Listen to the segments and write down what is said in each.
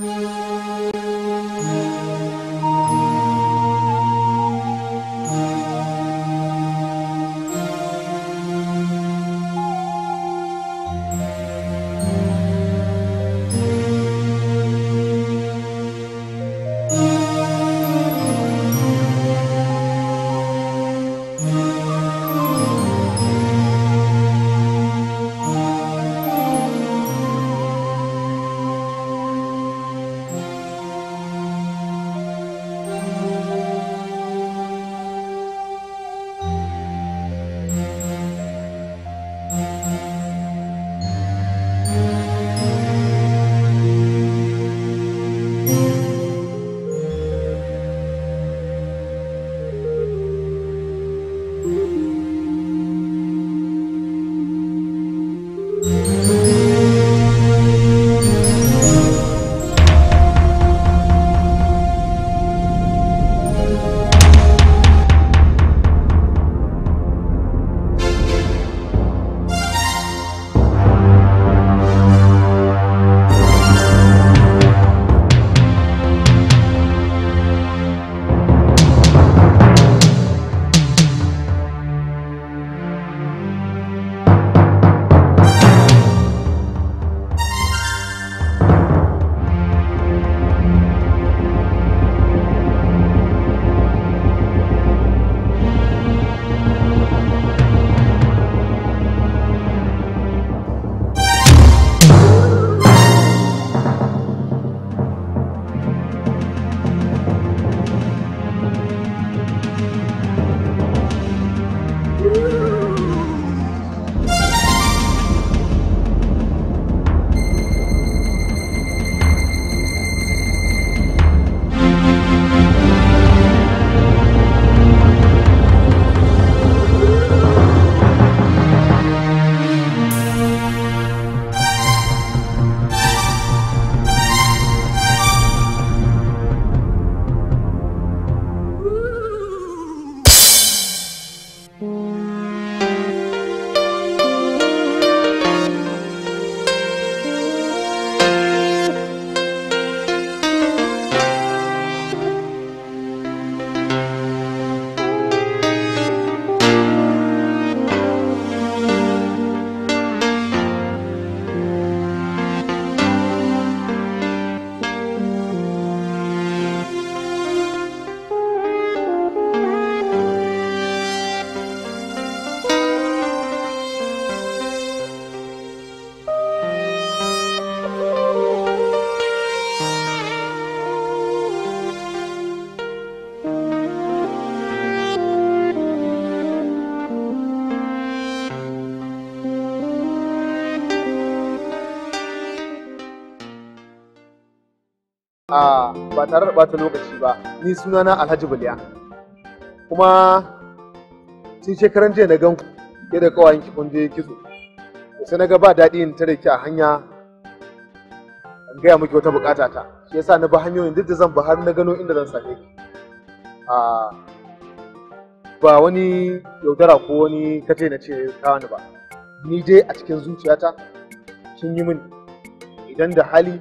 Música tare da ɓata lokaci ba ni sunana alhaji biliya kuma tun shekaran jiya na gan ku ke da kawayen ki kun je kitso sai na ga ba daɗi in tare ki a hanya in gaya miki wata bukata ta shi yasa na ba hanyoyin duk da zan ba har na gano inda zan sake? ki ba wani yaudara ko wani kace na ce ka wani ba ni dai a cikin zuciyata kin yi mini idan da hali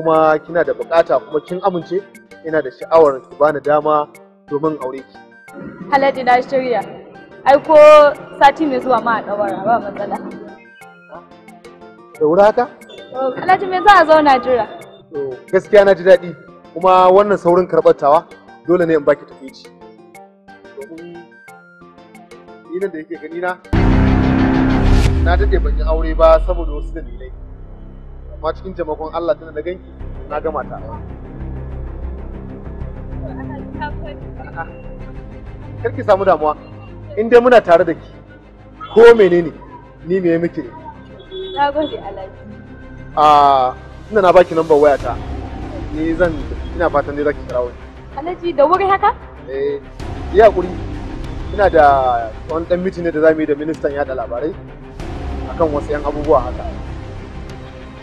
kuma kina da bukata kuma kin amince ina da sha'awar ki bani dama domin aure ki Haladi na shirya ai ko sati mai zuwa ma a dawara ba matsala da wuri haka Haladi me za a zauna jira gaskiya na ji daɗi kuma wannan saurin karɓar dole ne in baki tafici domin ni nan da yake gani na na dade ban yi aure ba saboda wasu dalilai amma cikin taimakon Allah tana da ganki na gama ta kar ki samu damuwa in dai muna tare da ki ko menene ni me miki ne na gode alhaji Ah, ina na baki lambar ta. ni zan ina fatan dai zaki kira wani alhaji da wuri haka eh ya kuri. ina da wani dan miti ne da zamu yi da ministan yada labarai akan wasu yan abubuwa haka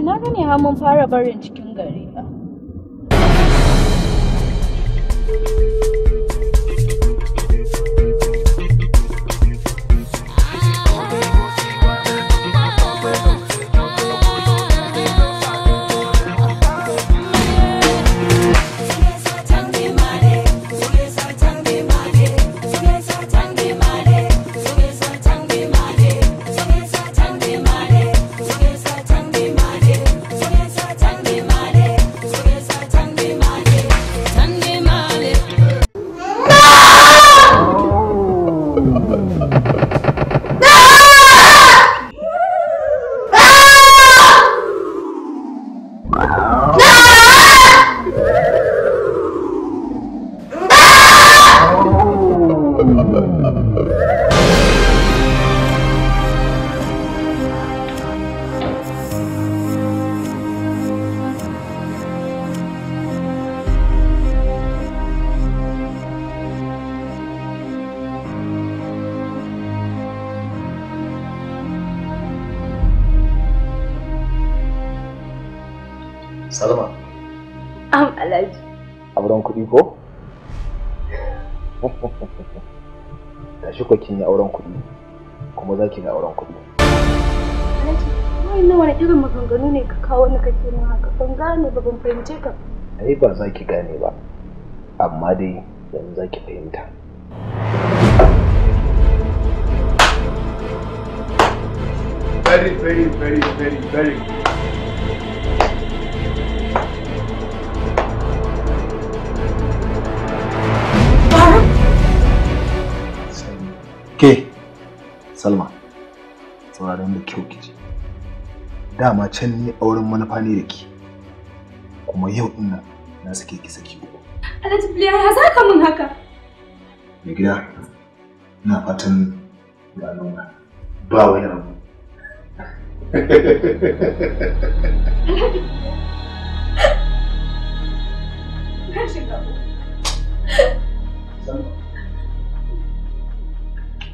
alhaji na gane har mun fara barin cikin gari ba. fahimce ka ai ba za ki gane ba amma dai yanzu za ki fahimta very very very very very ke salma sauraron da kyau kici dama can ni auren manufa ne da ke kuma yau ina na sake ki saki uku alhaji biliya ya za ka min haka mai gida ina fatan ya ba wani abu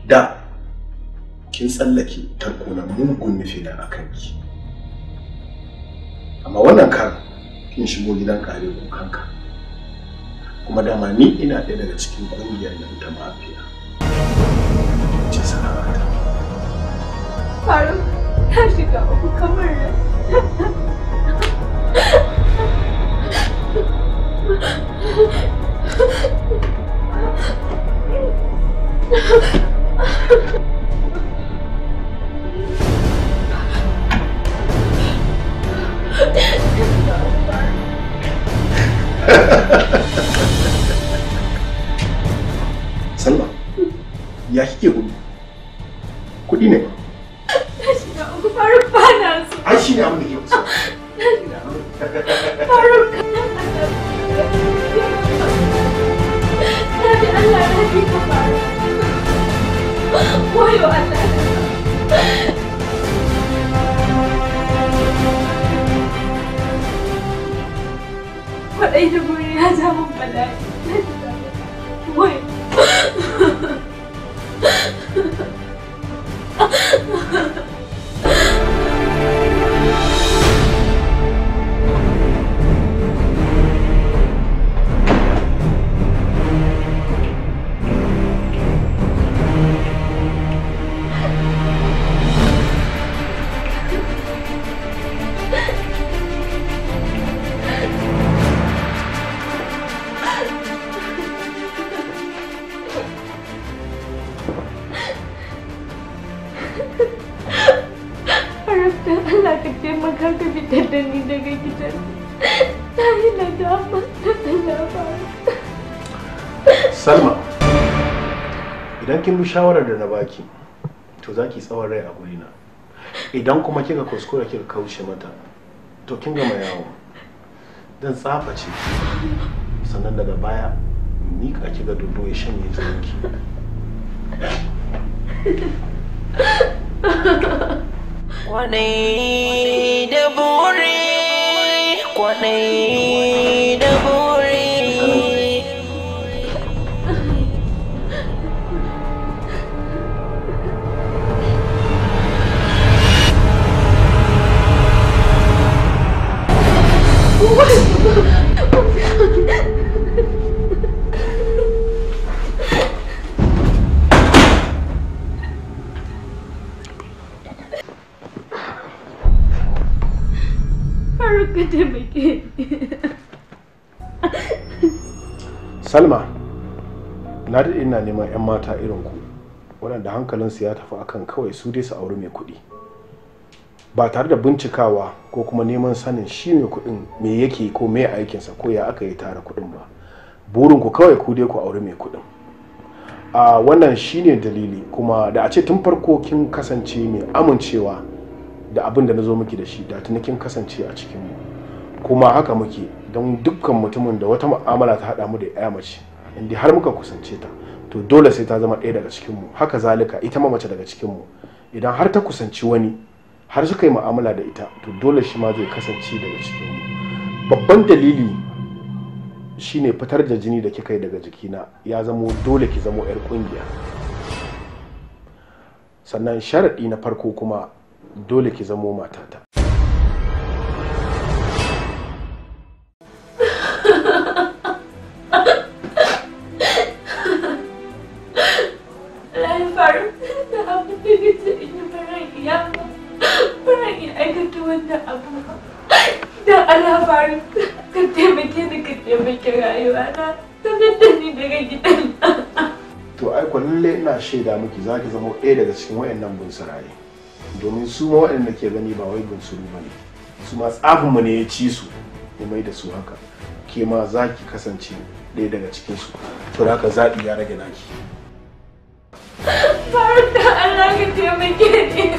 da kin tsallake tarko na mugun nufi na akan ki amma wannan karan kin shigo gidan kare kanka kuma dama ni ina ɗaya daga cikin ƙungiyar nan ta mafiya ce sana'ata faru ta shiga uku kamar Yeah. Salma, ya kike gudu? Kuɗi ne ba? Na shiga uku faruk ba na Ai shi ne abin da ke kusa. Na shiga uku. Faruk ka Allah na bi ka Wayo Allah. kaɗai da buri ya ja min bala'i wai kin bi shawarar da na baki to za ki tsawon rai a gurina idan kuma kika kuskura kika kauce mata to kin gama yawo dan ce sannan daga baya mika ki ga dodo ya shanye ki kwanai da buri, kwane da buri. salma na daɗe ina neman 'yan mata irin ku waɗanda hankalinsu ya tafi akan kawai su dai su auri mai kuɗi ba tare da bincikawa ko kuma neman sanin shi mai kuɗin me yake ko me aikinsa ko ya aka yi tara kuɗin ba burin ku kawai ku dai ku auri mai kuɗin a wannan shine dalili kuma da a ce tun farko kin kasance mai amincewa da abin da na zo miki da shi da tuni kin kasance a cikin mu kuma haka muke don dukkan mutumin da wata mu'amala ta haɗa mu da ya mace inda har muka kusance ta to dole sai ta zama ɗaya daga cikinmu haka zalika ita ma mace daga cikinmu idan har ta kusanci wani har suka yi mu'amala da ita to dole shi ma zai kasance daga cikinmu babban dalili shine fitar da jini da kika yi daga jikina ya zamo dole ki zamo 'yar kungiya sannan sharaɗi na farko kuma dole ki zamo matata. to ai ko lalle ina shaida miki za ki zama ɗaya daga cikin waɗannan bunsuraye domin su ma waɗanda ke gani ba wai bunsuru ba ne su ma tsabinmu ne ya ci su ya mai da su haka ke ma za ki kasance ɗaya daga cikin su to da haka zaɓi ya rage naki. Farta Allah ka taimake ni.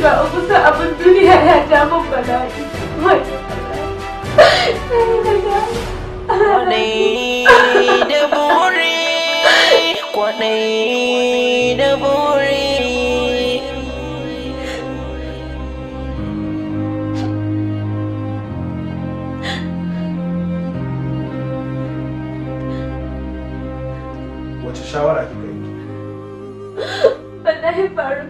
ga kusa abin duniya ya bala'i da da buri. shawara kika yi? Wallahi faru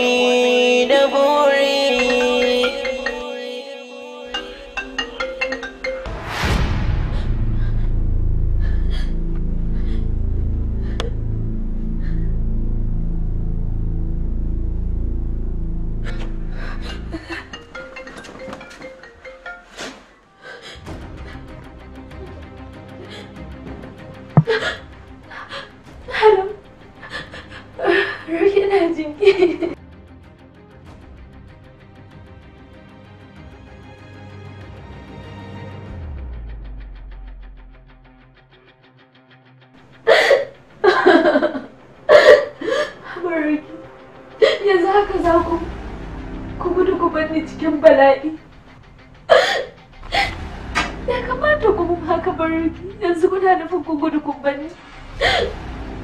yanzu haka za ku ku gudu ku bani cikin bala'i ya kamata ku mun haka bar yanzu kuna nufin ku gudu ku bani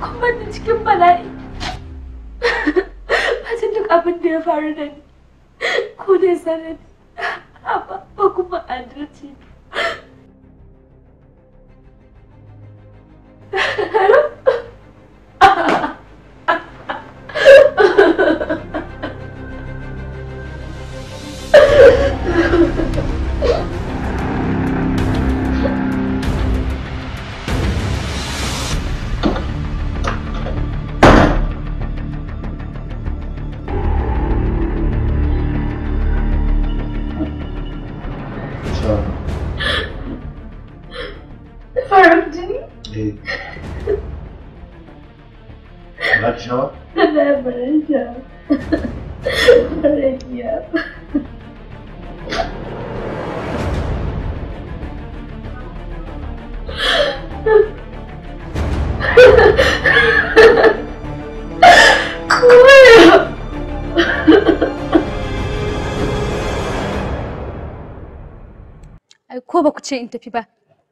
kun bani cikin bala'i bacin duk abin da ya faru da ni ko dai sanadi amma ba kuma adalci ce in tafi ba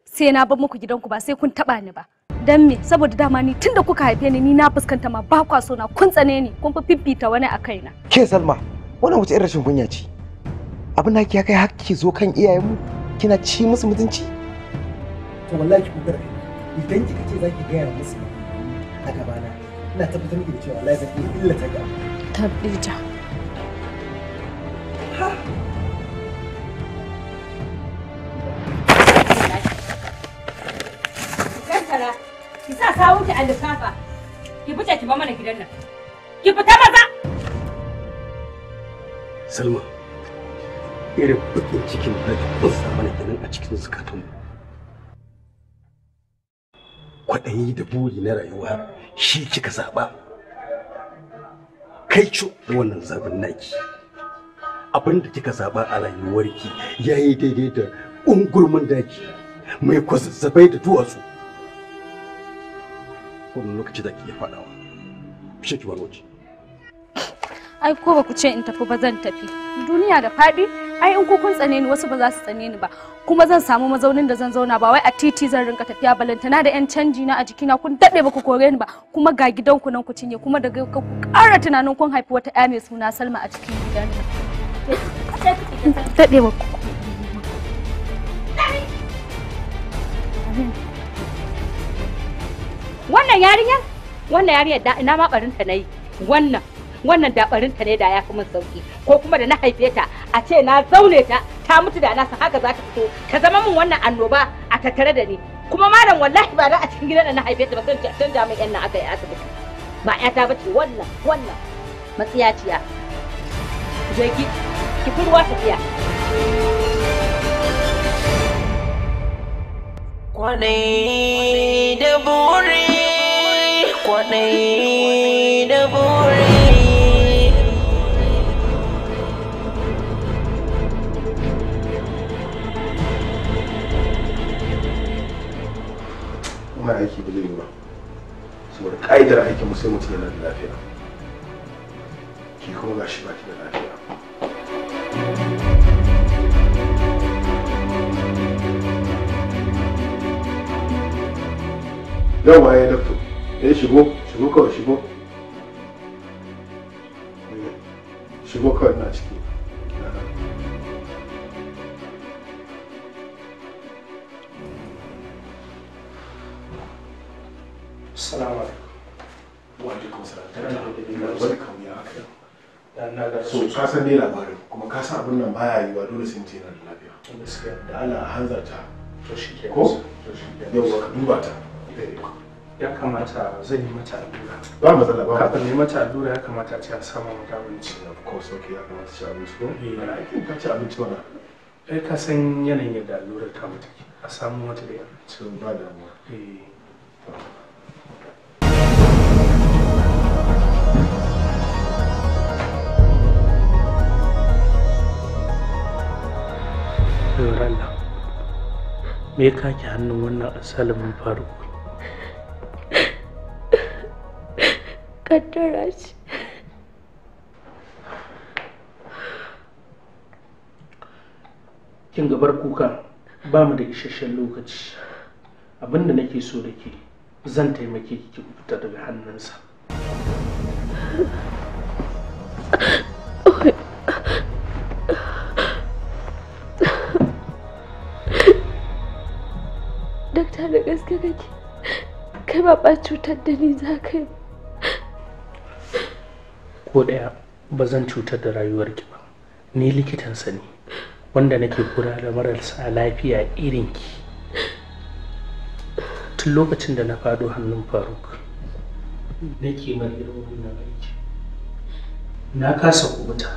sai na bar muku gidanku ba sai kun taba ni ba dan me saboda dama ni tunda kuka haife ni ni na fuskanta ma ba kwa so na kun tsane ni kun fi fiffita wani a kaina ke salma wannan wace irin rashin kunya ce abin na ya kai hakki zo kan iyayenmu kina ci musu mutunci to wallahi ki ni idan kika ce zaki gaya musu a na ina tabbatar miki da cewa wallahi zan iya illata ga tabbija ki sa sawun ki a lissafa ki fice ki ba mana gidan nan ki fita maza salma irin bakin cikin da ki kusa mana kenan a cikin zukatan kwaɗayi da buri na rayuwa shi kika zaɓa kai ci wannan zaɓin naki abin da kika zaɓa a rayuwarki ya yi daidai da ungurmin daki mai kwazazzabai da duwatsu kowane lokaci da ke faɗawa fice ki bar ai ko ba ku ce in tafi ba zan tafi duniya da faɗi ai in ku kun tsane ni wasu ba za su tsane ni ba kuma zan samu mazaunin da zan zauna ba wai a titi zan rinka tafiya balantana da yan canji na a jikina kun daɗe ba ku kore ni ba kuma ga gidanku nan ku cinye kuma daga ku ƙara tunanin kun haifi wata 'ya mai suna salma a cikin gidan daɗe ba ku yarinya wannan yarinya da ina ma barinta nayi wannan wannan da barinta ne da ya fi min sauki ko kuma da na haife ta a ce na zaune ta ta mutu da nasa haka za ta fito ta zama min wannan annoba a tattare da ni kuma malam wallahi ba da a cikin gidan da na haife ta ba sai canja min yan nan aka yi asibiti ba ƴata ba ce wannan wannan matsiyaciya je ki ki fi ruwa tafiya kwanai da buri kwaɗayi da buri kuma aiki ba zai yi ba saboda ƙa'idar aikin mu sai mutum yana da lafiya ki kuma gashi baki da lafiya yau ba waye daktar. eh shigo shigo kawai shigo eh, shigo kawai na ciki da ya haka. na ga so ka san dai labarin kuma ka san abin nan baya yiwa dole sun ce na da lafiya. Da Allah hanzarta. Ko? ka duba ta. Eh. ya kamata zai yi mata allura ba matsala ba kafin yi mata allura ya kamata ce a sama mata abinci of course okay ya kamata ci abinci ko eh aikin ka ci abinci wala Eh, ka san yanayin yadda allurar ta ke. a samu mata da Ci ba da mu eh Allah me ka kake hannun wannan asalimin faruku kaddara kin gabar kuka ba mu da isasshen lokaci abinda nake so da ke zan taimake ki fita daga hannunsa dakta da gaske kake kai ba cutar da ni za ka yi ko ɗaya ba zan cutar da rayuwarki ba ni likitansa ne wanda nake kura da marasa lafiya irin ki. tun lokacin da na fado hannun faruk nake mar irin wannan aiki na kasa kubuta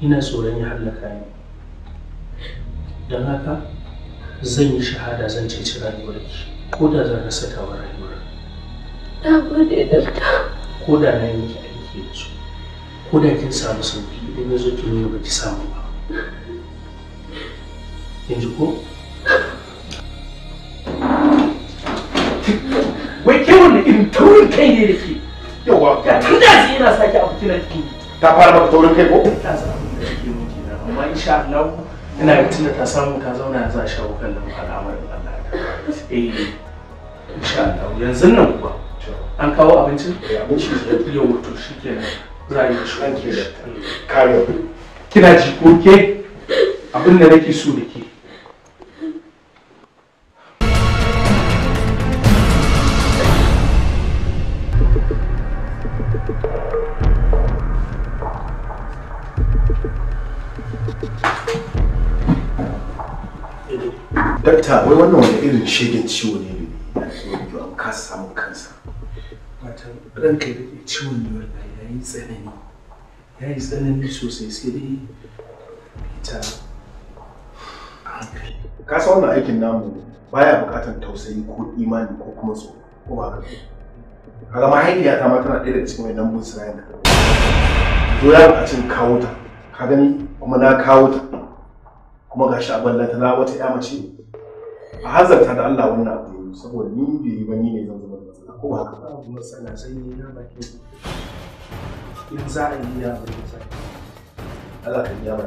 ina tsoron ya hallaka ni don haka zan yi shahada zan ceci rayuwarki ko da zan rasa tawa rayuwar na gode da ko da na yi miki aiki da su ko da kin samu sauki idan ya zo ki nuna ba ki samu ba yanzu ko wai ke wanda irin taurin kai ne da ke yawa ga tun da zai yana sake abu kina ki ta fara maka taurin kai ko ta samu da ke muke da amma insha Allah ina ga tunda ta samu ta zauna yanzu a shawo kan al'amarin Allah eh insha Allah yanzu nan kuwa an kawo abincin? Eh abincin ya yau to shikenan kano kina ji ko ke abin da nake so da ke dakta wai wannan wani irin shegen ciwo ne ne kasa samun kansa ranka da ke ciwon ne wallahi yi tsanani ya yi tsanani sosai sai dai ita ka san wannan aikin namu baya bukatar tausayi ko imani ko kuma tsoro ko ba ka kaga mahaifiya ta ma tana ɗaya daga cikin wannan bunsirayen da to ya bukacin kawo ta ka gani kuma na kawo ta kuma gashi a ballanta na wata ya mace a hanzarta da Allah wannan abu saboda ni bai yi ba ni ne zan zama da ko ba haka kuma sana sanyi na bakin in za a yi biya mai kusa Allah ka biya mai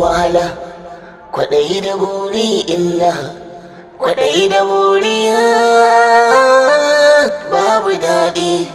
wahala kwaɗayi da buri illa kwaɗayi da buri ah, babu daɗi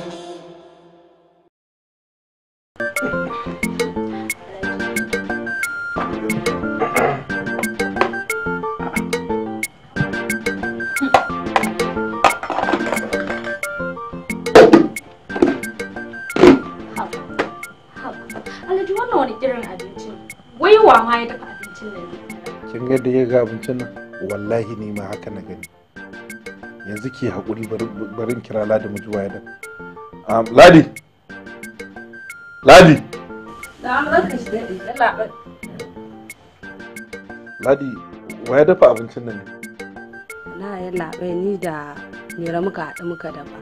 ga abincin nan wallahi ni ma haka na gani yanzu ke haƙuri barin kira ladi mu zuwa yadda ladi ladi ladi wa ya dafa abincin nan ne na ya labe ni da nera muka haɗu muka dafa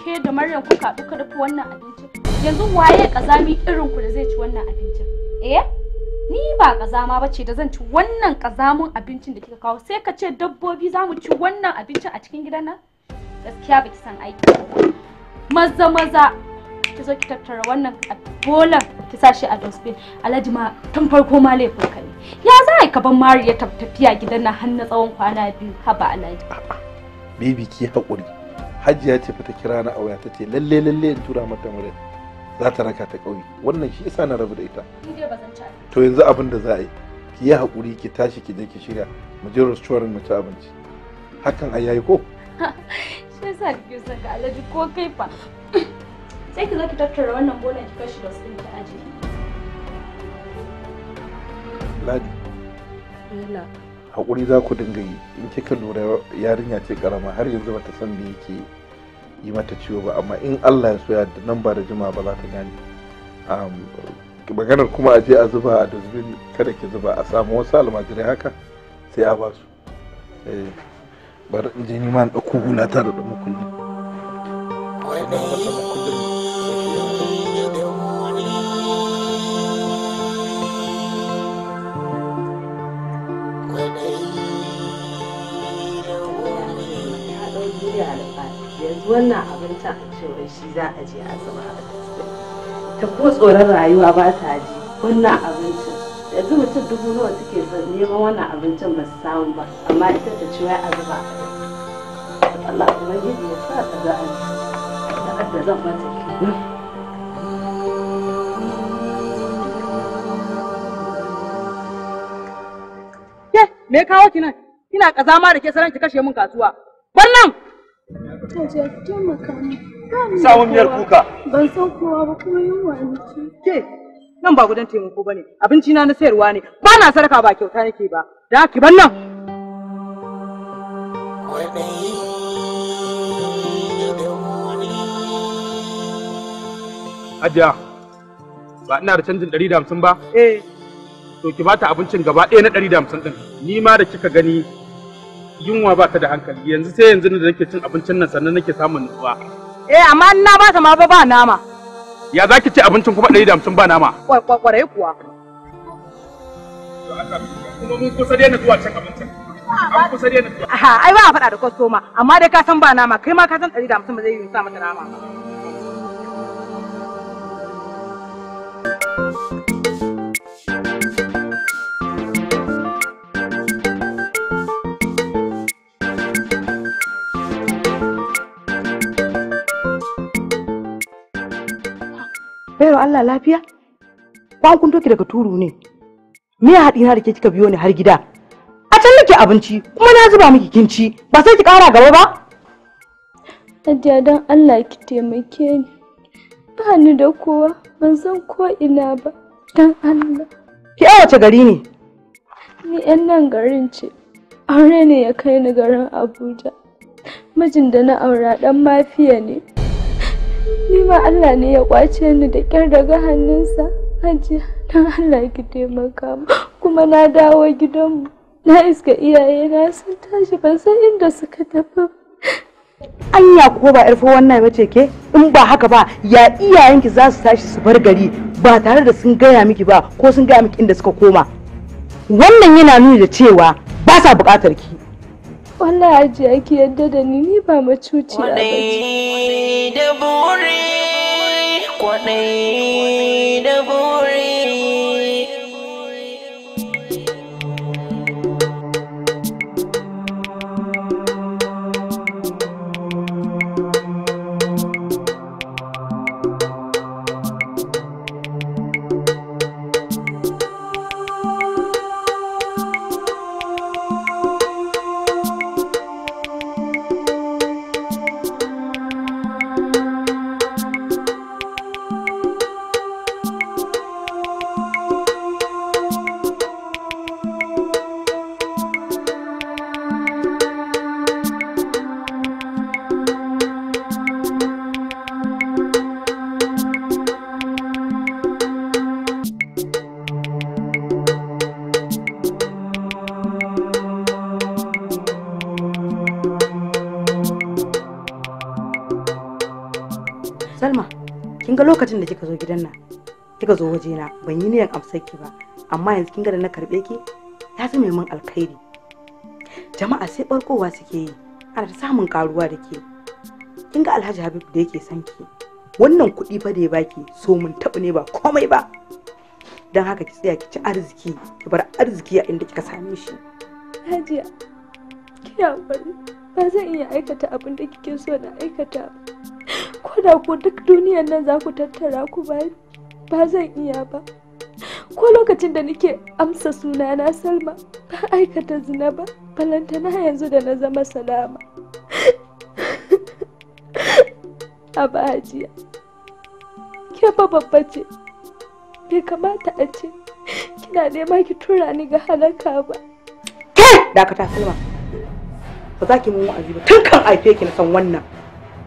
ke da maryam kuka haɗu ka dafa wannan abincin yanzu waye ƙazami irin ku da zai ci wannan abincin eh ni ba kazama ba ce da zan ci wannan kazamun abincin da kika kawo sai ka ce dabbobi za mu ci wannan abincin a cikin gidan nan gaskiya baki san aiki maza maza ki zo ki tattara wannan bolan ki sa a dustbin alhaji ma tun farko ma laifin ka ne ya za a yi kaban mariya ta tafiya gidan nan har na tsawon kwana biyu haba alhaji bibi ki haƙuri hajiya ce fa ta kira na a waya ta ce lalle lalle in tura mata murya za ta raka ta ƙauye wannan shi yasa na rabu da ita to yanzu abin da za a yi ki yi haƙuri ki tashi ki je ki shirya mu je restaurant mu ci abinci hakan a yayi ko shi yasa kike son ka alaji ko kai fa sai ki zo ki tattara wannan bolan ki kashi da su ki aje ladi yalla haƙuri za ku dinga yi in kika lura yarinya ce karama har yanzu bata san me yake yi yi mata ciwo ba amma in allah ya soya da nan ba da jima ba za ta gane maganar kuma a je a zuba a dozbin kada ki zuba a samu wasu almajirai haka sai a basu eh, bar in je ni ma in ɗauko ta da ɗan wannan abincin a cewa shi za a je a zuba ta ko tsoron rayuwa ba ta ji wannan abincin yanzu mutum dubu nawa suke neman wannan abincin ba su samu ba amma ita ta wai a zuba Allah kuma gidi ya sa ta za a da zan mata ke me kawo ki nan kina kazama da ke saran ki kashe mun kasuwa wannan Alhaji ya taimaka mu. Samun miyar kuka. Ban san kowa ba kuma yunwa ne ce. Ke nan ba gudan taimako ba ne abinci na na sayarwa ne ba na sarka ba kyauta nake ba da ki ban nan. Ajiya, ba ina da canjin ɗari da hamsin ba? Eh. To ki bata abincin gaba ɗaya na ɗari da hamsin ɗin ni ma da kika gani yunwa ba ta da hankali yanzu sai yanzu da nake cin abincin nan sannan nake samun nutsuwa eh amma in na baka ma ba ba nama ya za ki ci abincin kuma ɗari da hamsin ba nama kwarai kuwa kuma mun kusa daina zuwa cin abincin an kusa ai ba a faɗa da kwastoma amma dai ka san ba nama kai ma ka san ɗari da hamsin ba zai yi sa mata nama Allah lafiya Ba an kunto daga turu ne me ya haɗi na da ke kika biyo ni har gida a can nake abinci kuma na zuba miki kinci ba sai ki ƙara gaba ba Hajiya don Allah ki taimake ni ba ni da kowa ban san ko ina ba don Allah ki a wace gari ne ni yan nan garin ce aure ne ya kai ni garin Abuja mijin da na aura dan mafiya ne ni ma Allah ne ya kwace ni da kyar daga hannunsa hajiya don Allah ki taimaka mu kuma na dawo gidanmu na iska iyaye na sun tashi ban san inda suka tafi anya ko ba yarfa wannan bace ke in ba haka ba ya iyayenki za su tashi su bar gari ba tare da sun gaya miki ba ko sun gaya miki inda suka koma wannan yana nuni da cewa ba sa buƙatar ki Wallahi aji ake yadda da ni ni ba macuciya ba da buri kwaɗayi da buri ga zo wajena ban yi niyan amsar ki ba amma yanzu kin ga da na karbe ki ya zama min alkhairi jama'a sai barkowa suke yi ana ta samun karuwa da ke kin ga Alhaji Habib da yake son ki wannan kuɗi fa da ya baki so mun taɓa ne ba komai ba don haka ki tsaya ki ci arziki ki bar arziki a inda kika same shi Hajiya kina bari ba zan iya aikata abin da kike so na aikata ko da ko duk duniyar nan za ku tattara ku bari ba zan iya ba ko lokacin da nake amsa sunana salma ba aikata zina ba balantana yanzu da na zama salama a bajiya ke fa babba ce bai kamata a ce kina nema ki tura ni ga halaka ba kai dakata salma ba za ki mun wa'azi ba tun kan aife ki na san wannan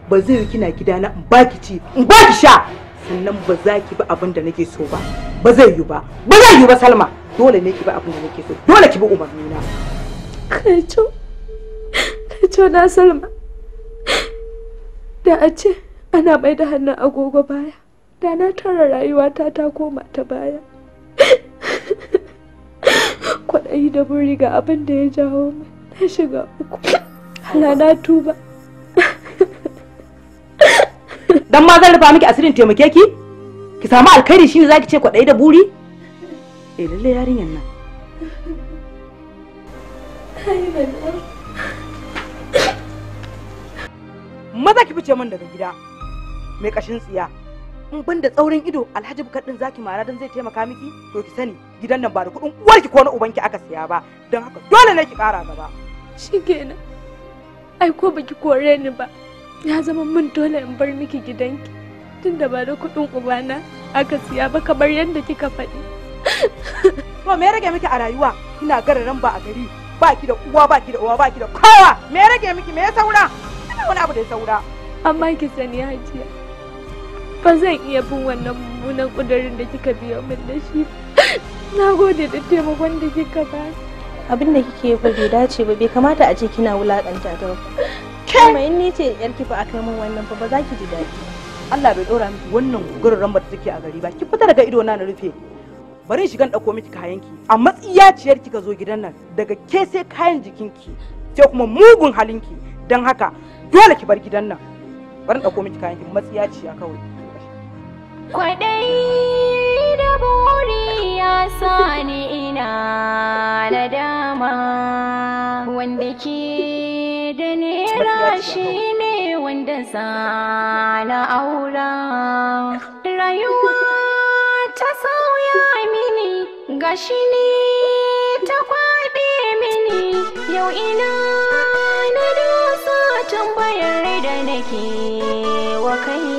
ba zai yi kina gidana in baki ci in baki sha sannan ba za ki bi abin da nake so ba ba zai yi ba ba zai yi ba salma dole ne ki bi abin da nake so dole ki bi umarni na kaito na salma da a ce ana mai da hannun agogo baya da na tara rayuwata ta koma ta baya kwaɗayi da buri ga abin da ya jawo mai na shiga uku na tuba dan ma zan rufa miki asirin taimake ki ki samu alkhairi shine zaki ce kwaɗayi da buri eh lalle yarinyar nan maza ki fice min daga gida mai kashin tsiya in ban da tsaurin ido alhaji din zaki mara don zai taimaka miki to ki sani gidan nan ba da kuɗin uwarki ko na ubanki aka siya ba don haka dole ne ki kara gaba shikenan ai ko baki kore ni ba ya zama min dole in bar miki gidanki tunda ba da kuɗin ubana aka siya ba kamar yadda kika faɗi. To me rage miki a rayuwa kina gararan ba a gari ba ki da uwa ba ki da uwa ba ki da kowa me rage miki me ya saura ina wani abu da ya saura. Amma ki sani hajiya ba zan iya bin wannan mummunan ƙudurin da kika biyo min da shi. Na gode da taimakon da kika ba. Abin da kike yi bai dace ba bai kamata a ce kina wulakanta ta ba. kuma in ni ce yar kifa akai min wannan fa ba za ki ji daɗi Allah bai dora miki wannan gururran ba take a gari ba ki fita daga ido na na rufe bari shigan dauko miki kayanki a matsiyaciyar kika zo gidan nan daga ke sai kayan jikinki sai kuma mugun halinki don haka dole ki bar gidan nan bari dauko miki kayanki matsiyaciya kawai kwadai da buri ya sani ina nadama wanda ke da nera shi ne wanda zana aura rayuwa ta sauya mini gashi ne ta kwaɓe mini yau ina na dosa tambayar da nake wa kai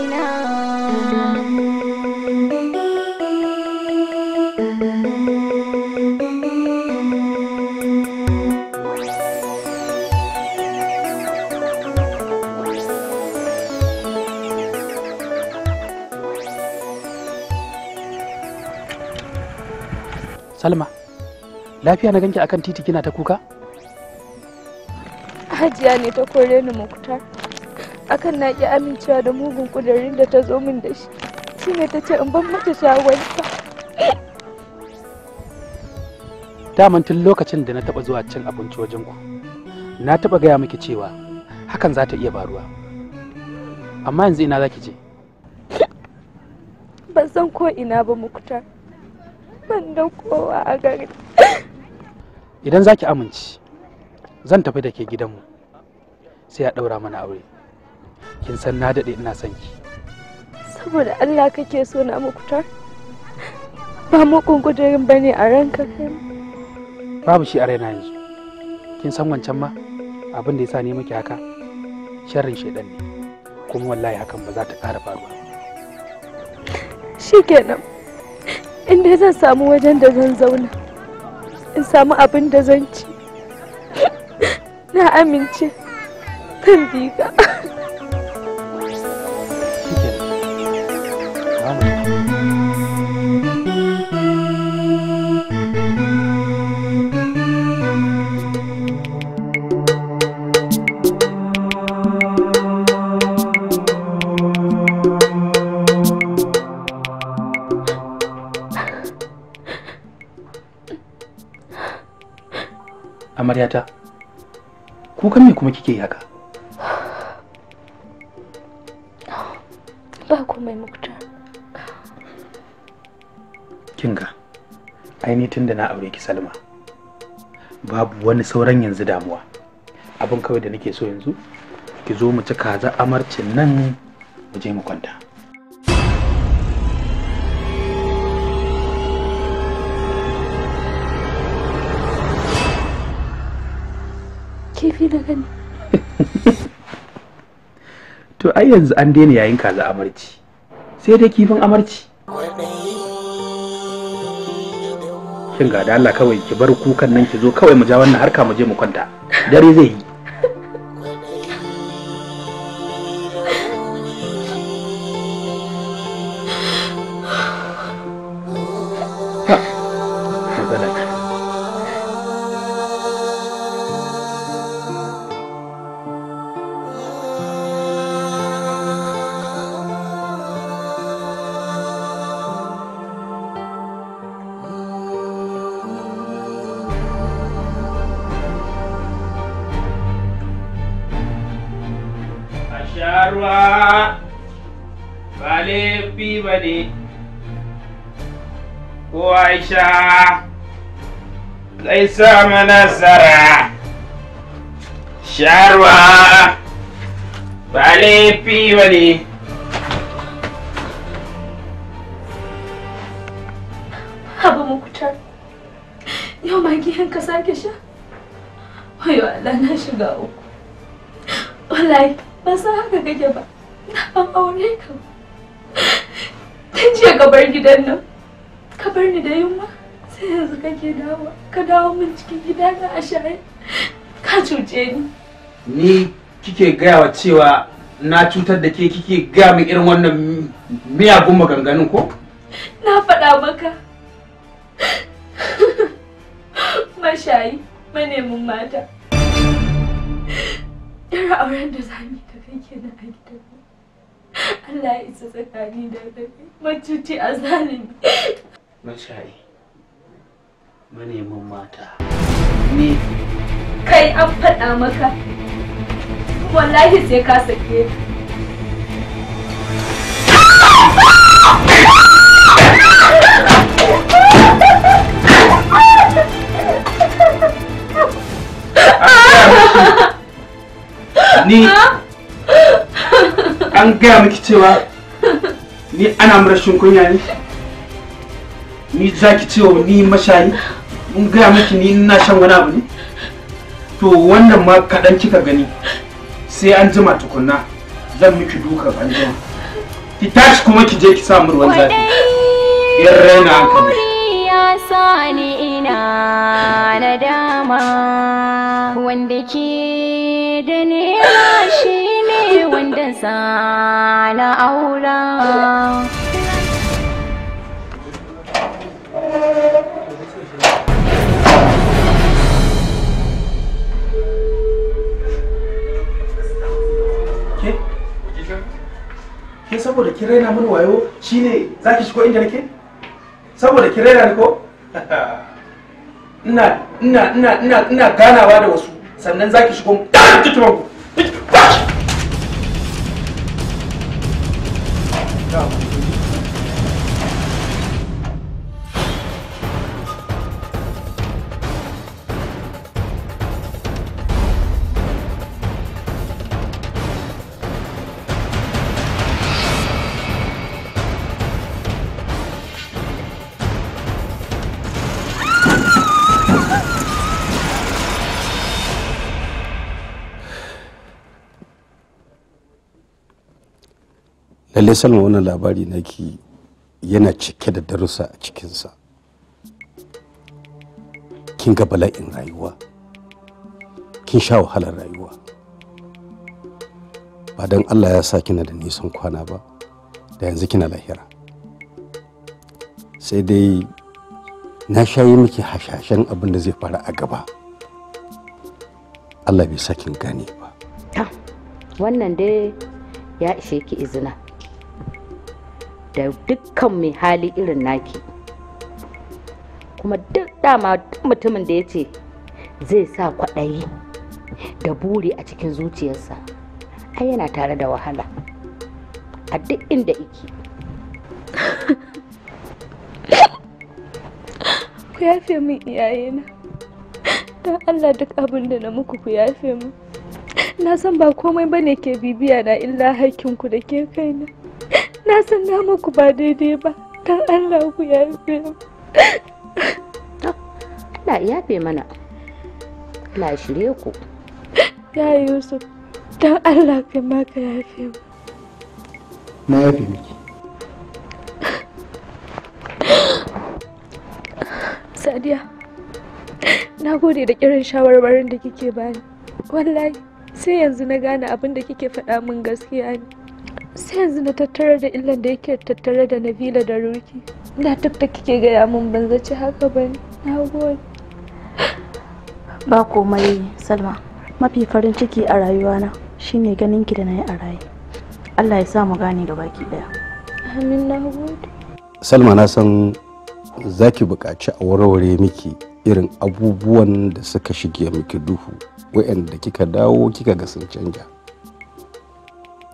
salma lafiya na ganki akan titi kina ta kuka hajiya ne ta kore ni muktar akan na ki amincewa da mugun kudarin da ta zo min da shi shi ne ta ce in ban mata shawarta daman tun lokacin da na taba zuwa cin abinci wajen ku na taba gaya miki cewa hakan za ta iya faruwa amma yanzu ina za ki je ban san ko ina ba muktar ban da kowa a garin. idan za ki amince zan tafi da ke gidanmu sai a ɗaura mana aure kin san na daɗe ina son ki saboda allah kake so na mukutar ba mu kunkudurin ba ne a ranka babu shi a raina yanzu kin san wancan ma abin da ya sa ne miki haka sharrin shaidan ne kuma wallahi hakan ba za ta ƙara faruwa shikenan in dai zan samu wajen da zan zauna in samu abin da zan ci na amince kan biga amaryata kukan me kuma kike yi haka ba komai mukta kinga aini tun na aure ki salma babu wani sauran yanzu damuwa abin kawai da nake so yanzu ki zo mu ci kaza amarcin nan mu je mu kwanta kifi da gani to ai yanzu an daina yayin kaza amarci sai dai kifin amarci shin ga da Allah kawai ki bar kukan nan ki zo kawai mu ja wannan harka mu je mu kwanta dare zai yi faruwa ba laifi ba ne ko aisha zai samu nasara sharuwa ba laifi ba ne haba mukutar yau magiyan ka sake sha wayo Allah na shiga uku wallahi ban san haka kake ba na ban aure ka tun jiya ka bar gidan nan ka bar ni da yunwa sai yanzu kake dawo ka dawo min cikin gida na a shaye ka cuce ni ni kike gaya wa cewa na cutar da ke kike gaya min irin wannan miyagun maganganun ko na faɗa maka mashayi manemin mata irin auren da za mu yi Allah ya isa tsakani da kai macuci a zalimi mashayi manemin mata ni. kai an faɗa maka wallahi sai ka sake ni an gaya miki cewa ni ana rashin kunya ne ni za ki cewa ni mashayi mun gaya miki ni ina shan wani abu ne to wannan ma kaɗan kika gani sai an jima tukunna zan miki duka an jima ki tashi kuma ki je ki sa ruwan zafi yar raina hankali sani ina nadama wanda ke da ne shi sa na ke saboda ki raina mun wayo shine zaki shigo inda nake saboda ki raina ni ko ina ina ina ina ganawa da wasu sannan zaki shigo ku lalle salma wannan labari na naki yana cike da darussa a cikinsa kin ga bala'in rayuwa kin sha wahalar rayuwa ba don allah ya sa kina da nisan kwana ba da yanzu kina lahira sai dai na shayi miki hashashen abin da zai fara a gaba allah bai sakin gane ba wannan dai ya ishe ki izina da dukkan mai hali irin naki kuma duk dama duk mutumin da ya ce zai sa kwaɗayi da buri a cikin zuciyarsa ai yana tare da wahala a duk inda iki ku yafe min iyayena don allah duk abin da na muku ku yafe min na san ba komai bane ke bibiya na illa hakkinku da ke kaina na san na muku ba daidai ba don Allah ku yafe mu Allah yafe mana Allah shirye ku ya Yusuf don Allah kai ma ka yafe mu na yafe miki Sadiya na gode da kirin shawarwarin da kike bani wallahi sai yanzu na gane abin da kike faɗa min gaskiya ne sai yanzu na tattara da illan da yake tattare da nabila da roki. na duk da kike gaya mun ban zaci haka ba ne na gode ba komai salma mafi farin ciki a rayuwana shine ganin ki da nayi a raye allah ya sa mu gane ga baki daya amin na gode salma na san za ki buƙaci a warware miki irin abubuwan da suka shige miki duhu wa'anda kika dawo kika ga sun canja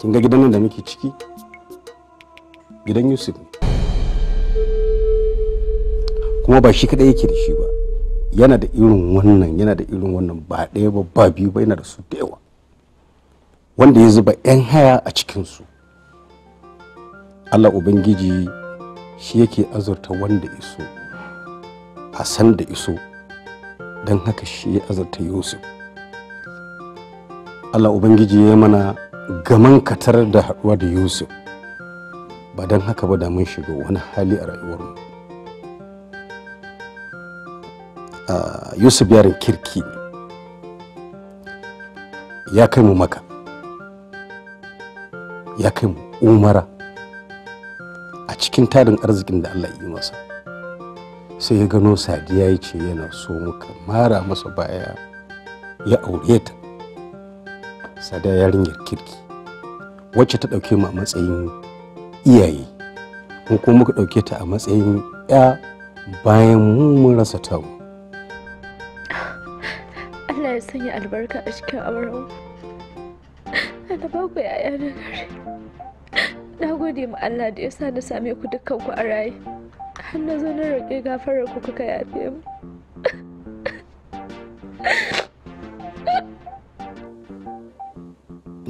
kin ga gidan nan da muke ciki gidan yusuf ne kuma ba shi kadai yake da shi ba yana da irin wannan yana da irin wannan ba ɗaya ba ba biyu ba yana da su da yawa wanda ya zuba 'yan haya a cikinsu allah ubangiji shi yake azurta wanda iso a san da iso don haka shi ya azurta yusuf allah ubangiji ya mana gaman katar da haɗuwa da yusuf ba don haka ba da mun shiga wani hali a rayuwarmu ah, yusuf yaren kirki ya kai mu maka ya kai mu umara a cikin tarin arzikin da allah yi masa sai ya gano sadiya ya ce yana so muka mara masa baya ya aure ta da yarinyar kirki wacce ta ɗauke mu a matsayin iyaye ko kuma muka ɗauke ta a matsayin ya bayan mu mun rasa tamu Allah ya sanya albarka a cikin auren Allah ba ku yaya da gari na gode ma Allah da ya sa na same ku dukkan ku a raye har na zo na roƙe gafarar ku kuka yafe mu